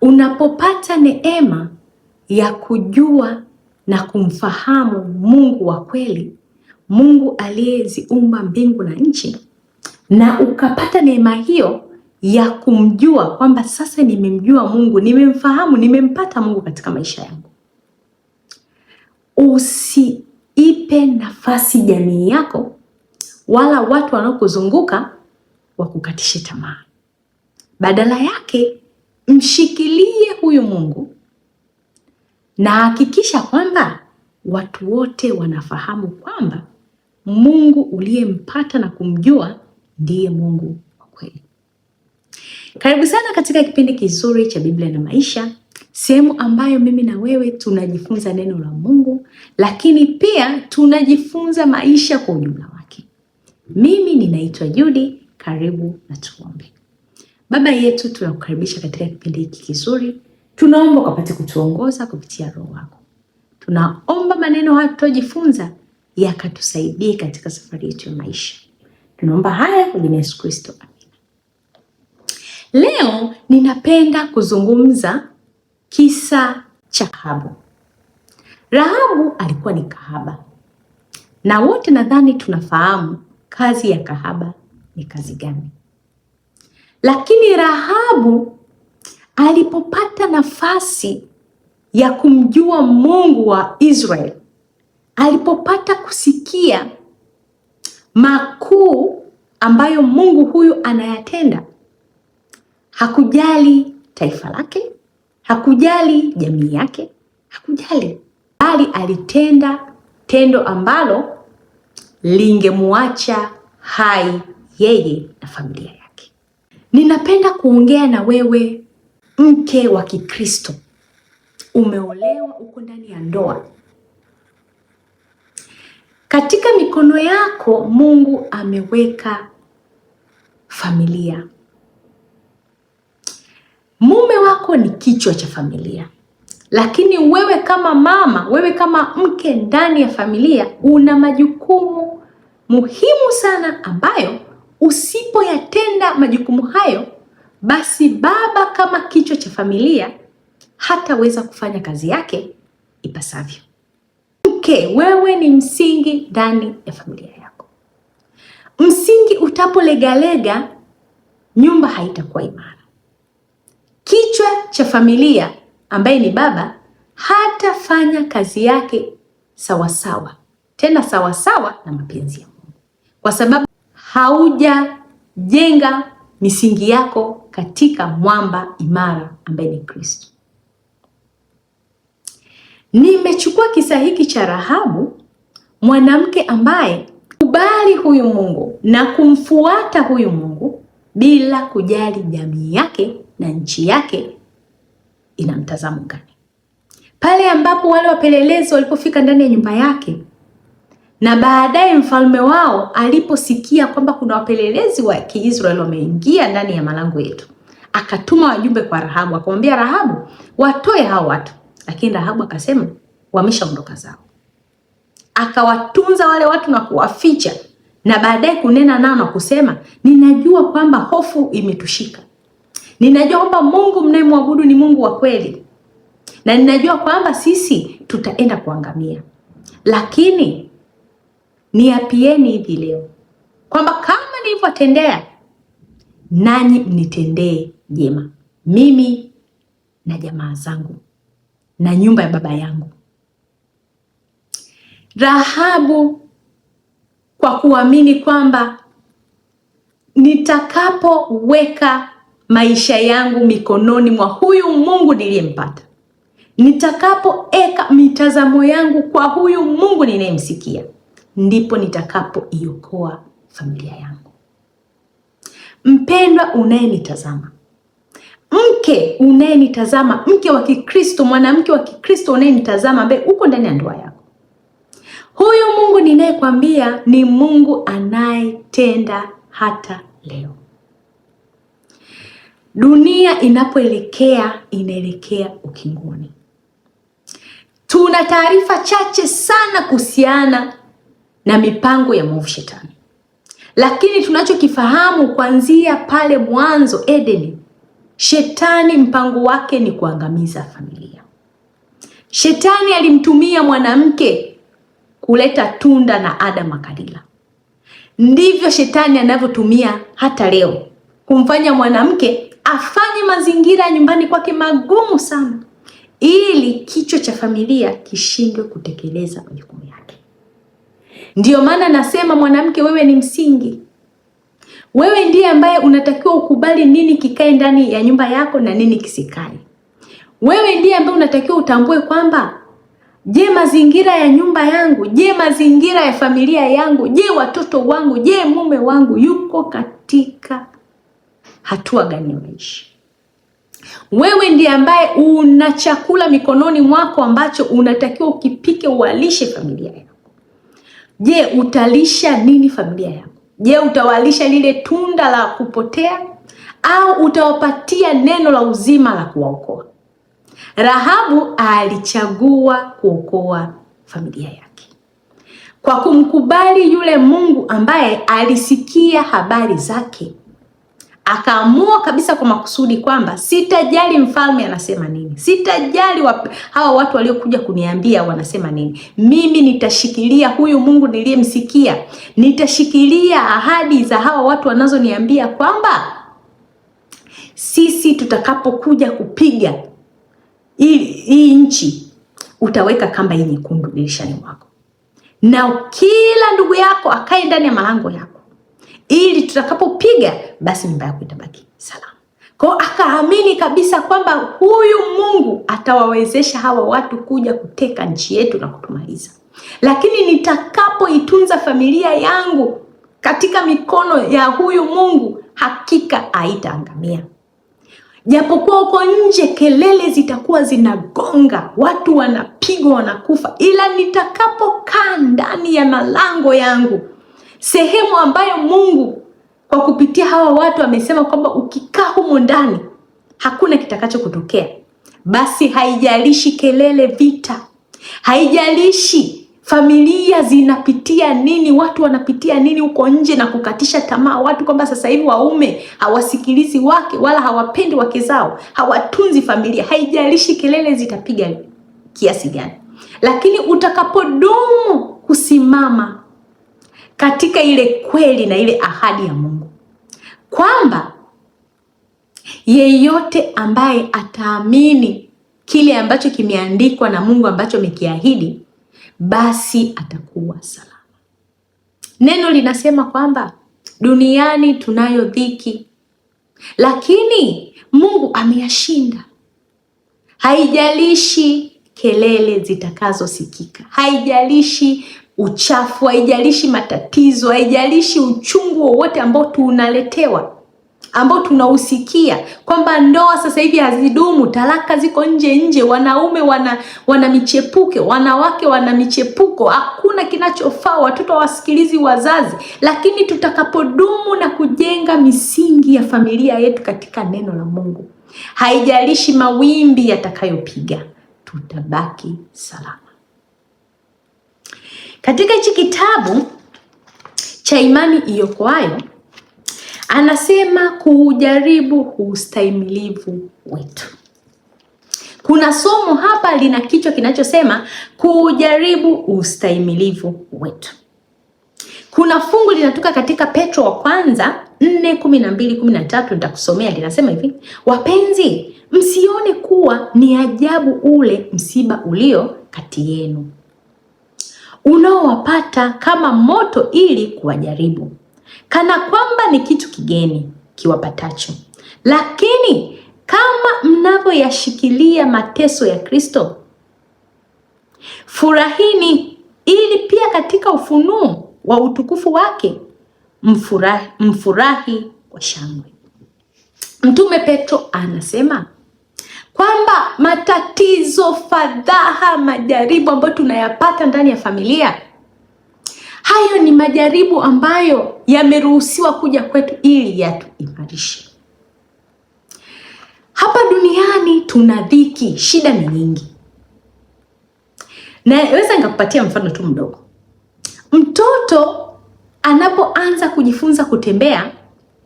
Unapopata neema ya kujua na kumfahamu Mungu wa kweli, Mungu aliyeziumba mbingu na nchi, na ukapata neema hiyo ya kumjua kwamba sasa nimemjua Mungu, nimemfahamu, nimempata Mungu katika maisha yangu, usiipe nafasi jamii yako wala watu wanaokuzunguka wakukatishe tamaa, badala yake mshikilie huyu Mungu na hakikisha kwamba watu wote wanafahamu kwamba Mungu uliyempata na kumjua ndiye Mungu wa kweli. Karibu sana katika kipindi kizuri cha Biblia na Maisha, sehemu ambayo mimi na wewe tunajifunza neno la Mungu, lakini pia tunajifunza maisha kwa ujumla wake. Mimi ninaitwa Judy, karibu na tuombe. Baba yetu, tunakukaribisha katika kipindi hiki kizuri. Tunaomba ukapate kutuongoza kupitia Roho wako. Tunaomba maneno haya tutajifunza yakatusaidie katika safari yetu ya maisha. Tunaomba haya kwa jina Yesu Kristo, amina. Leo ninapenda kuzungumza kisa cha Rahabu. Rahabu alikuwa ni kahaba, na wote nadhani tunafahamu kazi ya kahaba ni kazi gani. Lakini Rahabu alipopata nafasi ya kumjua Mungu wa Israeli, alipopata kusikia makuu ambayo Mungu huyu anayatenda, hakujali taifa lake, hakujali jamii yake, hakujali, bali alitenda tendo ambalo lingemwacha hai yeye na familia yake. Ninapenda kuongea na wewe mke wa Kikristo, umeolewa, uko ndani ya ndoa. Katika mikono yako Mungu ameweka familia. Mume wako ni kichwa cha familia, lakini wewe kama mama, wewe kama mke ndani ya familia, una majukumu muhimu sana ambayo Usipoyatenda majukumu hayo, basi baba kama kichwa cha familia hataweza kufanya kazi yake ipasavyo. Mke, wewe ni msingi ndani ya familia yako. Msingi utapolegalega, nyumba haitakuwa imara. Kichwa cha familia ambaye ni baba hatafanya kazi yake sawasawa, tena sawasawa na mapenzi ya Mungu, kwa sababu haujajenga misingi yako katika mwamba imara ambaye ni Kristo. Nimechukua kisa hiki cha Rahabu, mwanamke ambaye kubali huyu Mungu na kumfuata huyu Mungu bila kujali jamii yake na nchi yake ina mtazamo gani. Pale ambapo wale wapelelezi walipofika ndani ya nyumba yake na baadaye mfalme wao aliposikia kwamba kuna wapelelezi wa Kiisraeli wameingia ndani ya malango yetu, akatuma wajumbe kwa Rahabu, akamwambia Rahabu, watoe hao watu. Lakini Rahabu akasema wameshaondoka zao, akawatunza wale watu na kuwaficha, na baadaye kunena nao na kusema, ninajua kwamba hofu imetushika, ninajua kwamba Mungu mnayemwabudu ni Mungu wa kweli, na ninajua kwamba sisi tutaenda kuangamia, lakini niapieni hivi leo kwamba kama nilivyotendea nanyi mnitendee jema, mimi na jamaa zangu na nyumba ya baba yangu. Rahabu kwa kuamini kwamba nitakapoweka maisha yangu mikononi mwa huyu Mungu niliyempata, nitakapoeka mitazamo yangu kwa huyu Mungu ninayemsikia ndipo nitakapoiokoa familia yangu. Mpendwa unayenitazama, mke unayenitazama, mke wa Kikristo, mwanamke wa Kikristo unayenitazama, ambaye uko ndani ya ndoa yako, huyu Mungu ninayekwambia ni Mungu anayetenda hata leo. Dunia inapoelekea inaelekea ukingoni. Tuna taarifa chache sana kuhusiana na mipango ya mwovu shetani. Lakini tunachokifahamu kuanzia pale mwanzo Edeni, shetani mpango wake ni kuangamiza familia. Shetani alimtumia mwanamke kuleta tunda na Adam akalila. Ndivyo shetani anavyotumia hata leo kumfanya mwanamke afanye mazingira ya nyumbani kwake magumu sana, ili kichwa cha familia kishindwe kutekeleza majukumu yake. Ndiyo maana nasema mwanamke, wewe ni msingi. Wewe ndiye ambaye unatakiwa ukubali nini kikae ndani ya nyumba yako na nini kisikae. Wewe ndiye ambaye unatakiwa utambue kwamba je, mazingira ya nyumba yangu, je, mazingira ya familia yangu, je, watoto wangu, je, mume wangu yuko katika hatua gani ya Wewe ndiye ambaye una chakula mikononi mwako ambacho unatakiwa ukipike uwalishe familia yako. Je, utalisha nini familia yako? Je, utawalisha lile tunda la kupotea au utawapatia neno la uzima la kuwaokoa? Rahabu alichagua kuokoa familia yake kwa kumkubali yule Mungu ambaye alisikia habari zake akaamua kabisa kwa makusudi kwamba sitajali mfalme anasema nini, sitajali wap, hawa watu waliokuja kuniambia wanasema nini, mimi nitashikilia huyu Mungu niliyemsikia, nitashikilia ahadi za hawa watu wanazoniambia kwamba sisi tutakapokuja kupiga hii nchi utaweka kamba hii nyekundu dirishani mwako, na kila ndugu yako akae ndani ya malango yako ili tutakapopiga basi nyumba yako itabaki salama. Kwa akaamini kabisa kwamba huyu Mungu atawawezesha hawa watu kuja kuteka nchi yetu na kutumaliza, lakini nitakapoitunza familia yangu katika mikono ya huyu Mungu hakika haitaangamia. Japokuwa huko nje kelele zitakuwa zinagonga, watu wanapigwa, wanakufa, ila nitakapokaa ndani ya malango yangu sehemu ambayo Mungu kwa kupitia hawa watu amesema kwamba ukikaa humo ndani hakuna kitakacho kutokea basi haijalishi kelele, vita, haijalishi familia zinapitia nini, watu wanapitia nini huko nje, na kukatisha tamaa watu kwamba sasa hivi waume hawasikilizi wake wala hawapendi wake zao, hawatunzi familia. Haijalishi kelele zitapiga kiasi gani, lakini utakapodumu kusimama katika ile kweli na ile ahadi ya Mungu kwamba yeyote ambaye ataamini kile ambacho kimeandikwa na Mungu ambacho amekiahidi basi atakuwa salama. Neno linasema kwamba duniani tunayo dhiki, lakini Mungu ameyashinda. Haijalishi kelele zitakazosikika, haijalishi uchafu, haijalishi matatizo, haijalishi uchungu wowote ambao tunaletewa ambao tunausikia kwamba ndoa sasa hivi hazidumu, talaka ziko nje nje, wanaume wana wana michepuke, wanawake wana michepuko, hakuna kinachofaa, watoto wasikilizi wazazi. Lakini tutakapodumu na kujenga misingi ya familia yetu katika neno la Mungu, haijalishi mawimbi yatakayopiga, tutabaki salama. Katika hichi kitabu cha Imani Iokoayo anasema kuujaribu ustahimilivu wetu. Kuna somo hapa lina kichwa kinachosema kuujaribu ustahimilivu wetu. Kuna fungu linatoka katika Petro wa kwanza 4 12 13, nitakusomea linasema hivi: wapenzi, msione kuwa ni ajabu ule msiba ulio kati yenu unaowapata kama moto ili kuwajaribu, kana kwamba ni kitu kigeni kiwapatacho. Lakini kama mnavyoyashikilia mateso ya Kristo, furahini ili pia katika ufunuo wa utukufu wake mfurahi, mfurahi kwa shangwe. Mtume Petro anasema kwamba matatizo, fadhaha, majaribu ambayo tunayapata ndani ya familia, hayo ni majaribu ambayo yameruhusiwa kuja kwetu ili yatuimarishe. Hapa duniani tuna dhiki, shida ni nyingi. Naweza nikakupatia mfano tu mdogo. Mtoto anapoanza kujifunza kutembea,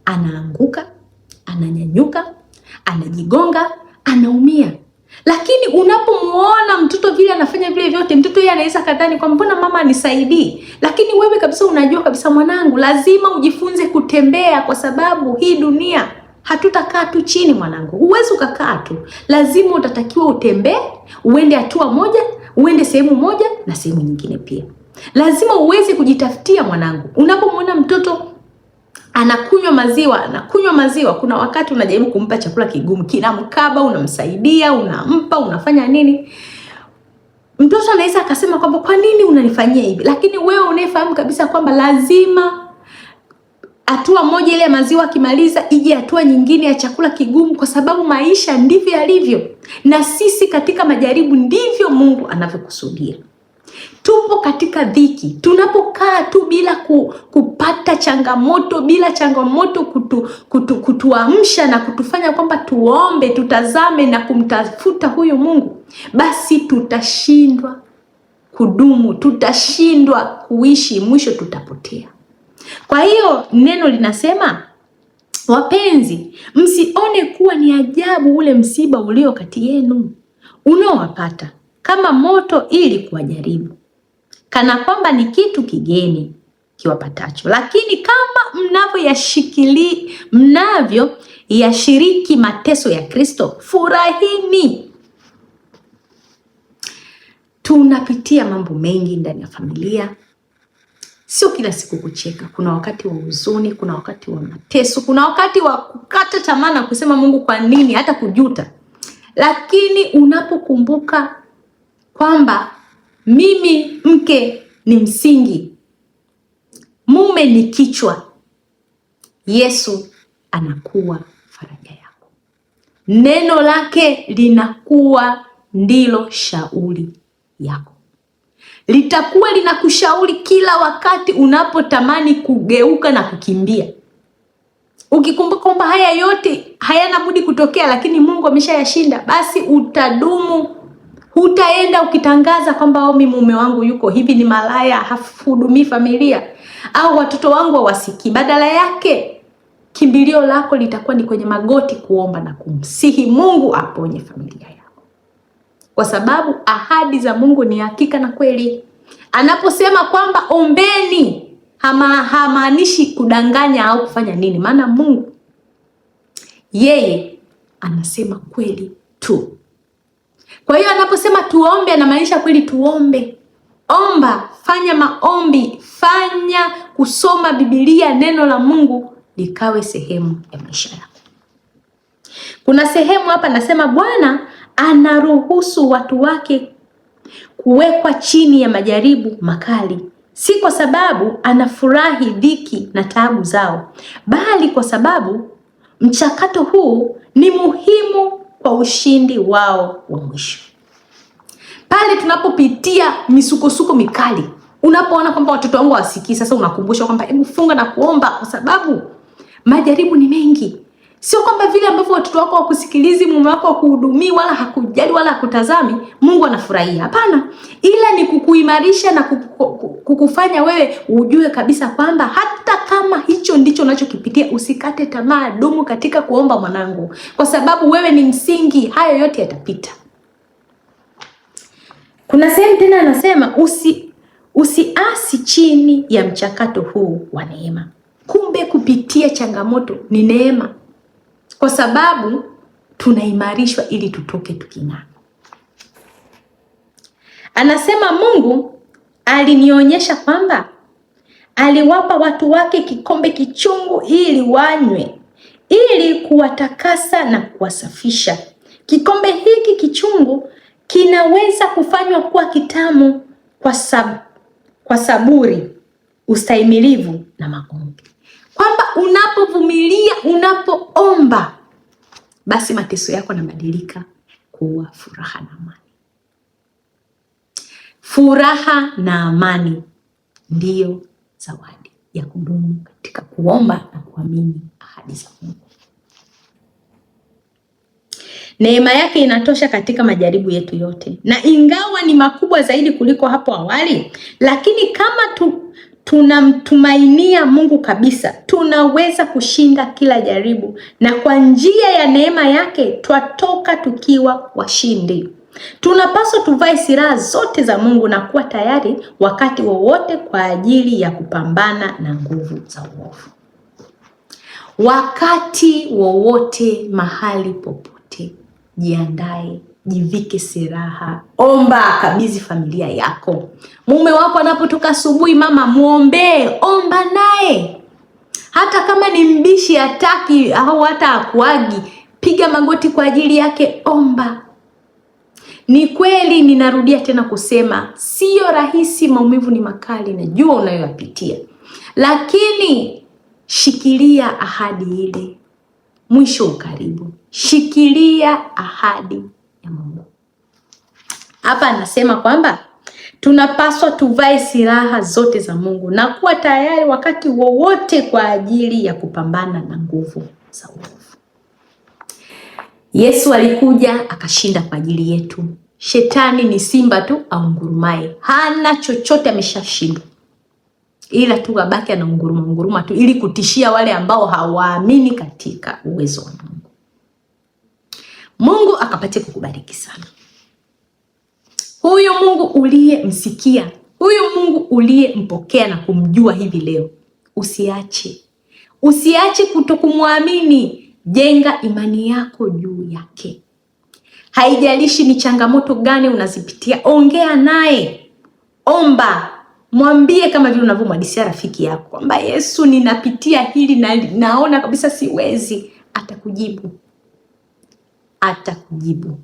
anaanguka, ananyanyuka, anajigonga anaumia. Lakini unapomwona mtoto vile anafanya vile vyote, mtoto yeye anaweza kadhani kwa mbona mama anisaidii, lakini wewe kabisa unajua kabisa, mwanangu, lazima ujifunze kutembea, kwa sababu hii dunia hatutakaa tu chini mwanangu, huwezi ukakaa tu, lazima utatakiwa utembee, uende hatua moja, uende sehemu moja na sehemu nyingine pia. Lazima uweze kujitafutia mwanangu, unapomwona mtoto anakunywa maziwa, anakunywa maziwa. Kuna wakati unajaribu kumpa chakula kigumu, kinamkaba, unamsaidia, unampa, unafanya nini. Mtoto anaweza akasema kwamba kwa nini unanifanyia hivi, lakini wewe unayefahamu kabisa kwamba lazima hatua moja ile ya maziwa akimaliza ije hatua nyingine ya chakula kigumu, kwa sababu maisha ndivyo yalivyo, na sisi katika majaribu ndivyo Mungu anavyokusudia. Tupo katika dhiki, tunapokaa tu bila ku, kupata changamoto, bila changamoto kutu, kutu, kutuamsha na kutufanya kwamba tuombe, tutazame na kumtafuta huyu Mungu, basi tutashindwa kudumu, tutashindwa kuishi, mwisho tutapotea. Kwa hiyo neno linasema Wapenzi, msione kuwa ni ajabu ule msiba ulio kati yenu unaowapata, kama moto ili kuwajaribu, kana kwamba ni kitu kigeni kiwapatacho. Lakini kama mnavyoyashikilia, mnavyo yashiriki mateso ya Kristo, furahini. Tunapitia mambo mengi ndani ya familia, sio kila siku kucheka. Kuna wakati wa huzuni, kuna wakati wa mateso, kuna wakati wa kukata tamaa na kusema Mungu, kwa nini, hata kujuta. Lakini unapokumbuka kwamba mimi mke ni msingi, mume ni kichwa. Yesu anakuwa faraja yako, neno lake linakuwa ndilo shauri yako, litakuwa linakushauri kila wakati unapotamani kugeuka na kukimbia, ukikumbuka kwamba haya yote hayana budi kutokea, lakini Mungu ameshayashinda, basi utadumu Hutaenda ukitangaza kwamba au oh, mimi mume wangu yuko hivi, ni malaya, hahudumii familia au watoto wangu hawasikii. Badala yake kimbilio lako litakuwa ni kwenye magoti kuomba na kumsihi Mungu aponye familia yako, kwa sababu ahadi za Mungu ni hakika na kweli. Anaposema kwamba ombeni, hamaanishi kudanganya au kufanya nini, maana Mungu yeye anasema kweli tu. Kwa hiyo anaposema tuombe, anamaanisha kweli tuombe. Omba, fanya maombi, fanya kusoma Biblia, neno la Mungu likawe sehemu ya maisha yako. Kuna sehemu hapa nasema Bwana anaruhusu watu wake kuwekwa chini ya majaribu makali, si kwa sababu anafurahi dhiki na taabu zao, bali kwa sababu mchakato huu ni muhimu kwa ushindi wao wa mwisho. Pale tunapopitia misukosuko mikali, unapoona kwamba watoto wangu hawasikii, sasa unakumbusha kwamba hebu funga na kuomba, kwa sababu majaribu ni mengi Sio kwamba vile ambavyo watoto wako wakusikilizi mume wako wakuhudumii wala hakujali, wala hakutazami, Mungu anafurahia. Hapana, ila ni kukuimarisha na kukufanya wewe ujue kabisa kwamba hata kama hicho ndicho unachokipitia usikate tamaa, dumu katika kuomba mwanangu, kwa sababu wewe ni msingi, hayo yote yatapita. Kuna sehemu tena anasema usi usiasi chini ya mchakato huu wa neema. Kumbe kupitia changamoto ni neema kwa sababu tunaimarishwa ili tutoke tuking'aa. Anasema Mungu alinionyesha kwamba aliwapa watu wake kikombe kichungu ili wanywe, ili kuwatakasa na kuwasafisha. Kikombe hiki kichungu kinaweza kufanywa kuwa kitamu kwa, sab kwa saburi, ustahimilivu na magumu kwamba unapovumilia, unapoomba, basi mateso yako yanabadilika kuwa furaha na amani. Furaha na amani ndiyo zawadi ya kudumu katika kuomba na kuamini ahadi za Mungu. Neema yake inatosha katika majaribu yetu yote, na ingawa ni makubwa zaidi kuliko hapo awali, lakini kama tu tunamtumainia Mungu kabisa, tunaweza kushinda kila jaribu, na kwa njia ya neema yake twatoka tukiwa washindi. Tunapaswa tuvae silaha zote za Mungu na kuwa tayari wakati wowote kwa ajili ya kupambana na nguvu za uovu, wakati wowote, mahali popote. Jiandae. Jivike silaha, omba, kabidhi familia yako. Mume wako anapotoka asubuhi, mama mwombee, omba naye, hata kama ni mbishi, hataki au hata akuagi, piga magoti kwa ajili yake, omba. Ni kweli, ninarudia tena kusema, siyo rahisi, maumivu ni makali, najua unayoyapitia, lakini shikilia ahadi ile, mwisho ukaribu. Shikilia ahadi ya Mungu. Hapa anasema kwamba tunapaswa tuvae silaha zote za Mungu na kuwa tayari wakati wowote kwa ajili ya kupambana na nguvu za uovu. Yesu alikuja akashinda kwa ajili yetu. Shetani ni simba tu aungurumaye, hana chochote, ameshashindwa, ila tu abaki anaunguruma unguruma tu ili kutishia wale ambao hawaamini katika uwezo wa Mungu. Mungu akapatie kukubariki sana. Huyu Mungu uliyemsikia, huyu Mungu uliyempokea na kumjua hivi leo, usiache usiache kutokumwamini. Jenga imani yako juu yake. Haijalishi ni changamoto gani unazipitia, ongea naye, omba, mwambie kama vile unavyomwadisia rafiki yako kwamba Yesu, ninapitia hili na naona kabisa siwezi. Atakujibu atakujibu.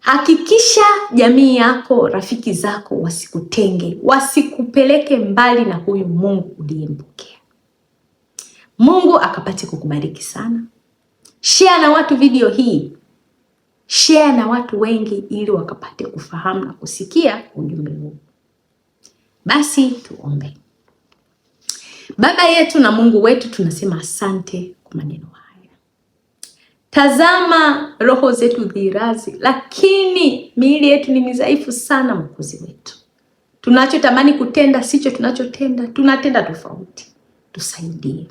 Hakikisha jamii yako, rafiki zako wasikutenge, wasikupeleke mbali na huyu Mungu uliyempokea. Mungu akapate kukubariki sana. Share na watu video hii, share na watu wengi ili wakapate kufahamu na kusikia ujumbe huu. Basi tuombe. Baba yetu na Mungu wetu, tunasema asante kwa maneno Tazama roho zetu dhirazi, lakini miili yetu ni mizaifu sana. Mwokozi wetu, tunachotamani kutenda sicho tunachotenda, tunatenda tofauti. Tusaidie.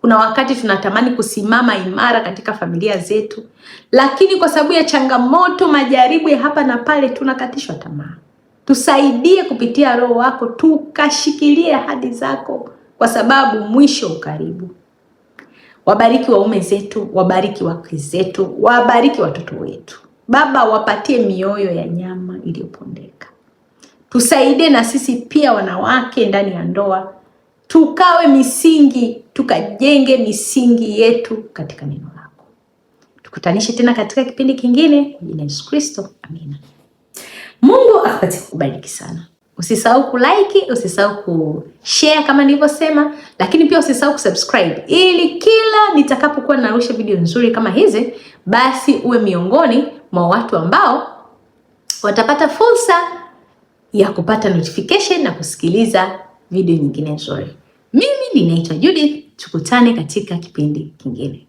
Kuna wakati tunatamani kusimama imara katika familia zetu, lakini kwa sababu ya changamoto, majaribu ya hapa na pale, tunakatishwa tamaa. Tusaidie kupitia Roho wako tukashikilie ahadi zako, kwa sababu mwisho ukaribu. Wabariki waume zetu, wabariki wake zetu, wabariki watoto wetu. Baba, wapatie mioyo ya nyama iliyopondeka. Tusaidie na sisi pia wanawake ndani ya ndoa, tukawe misingi, tukajenge misingi yetu katika neno lako. Tukutanishe tena katika kipindi kingine. Kwa jina la Yesu Kristo, amina. Mungu akubariki sana. Usisahau kulike, usisahau kushare kama nilivyosema, lakini pia usisahau kusubscribe ili kila nitakapokuwa narusha video nzuri kama hizi, basi uwe miongoni mwa watu ambao watapata fursa ya kupata notification na kusikiliza video nyingine nzuri. Mimi ninaitwa Judith, tukutane katika kipindi kingine.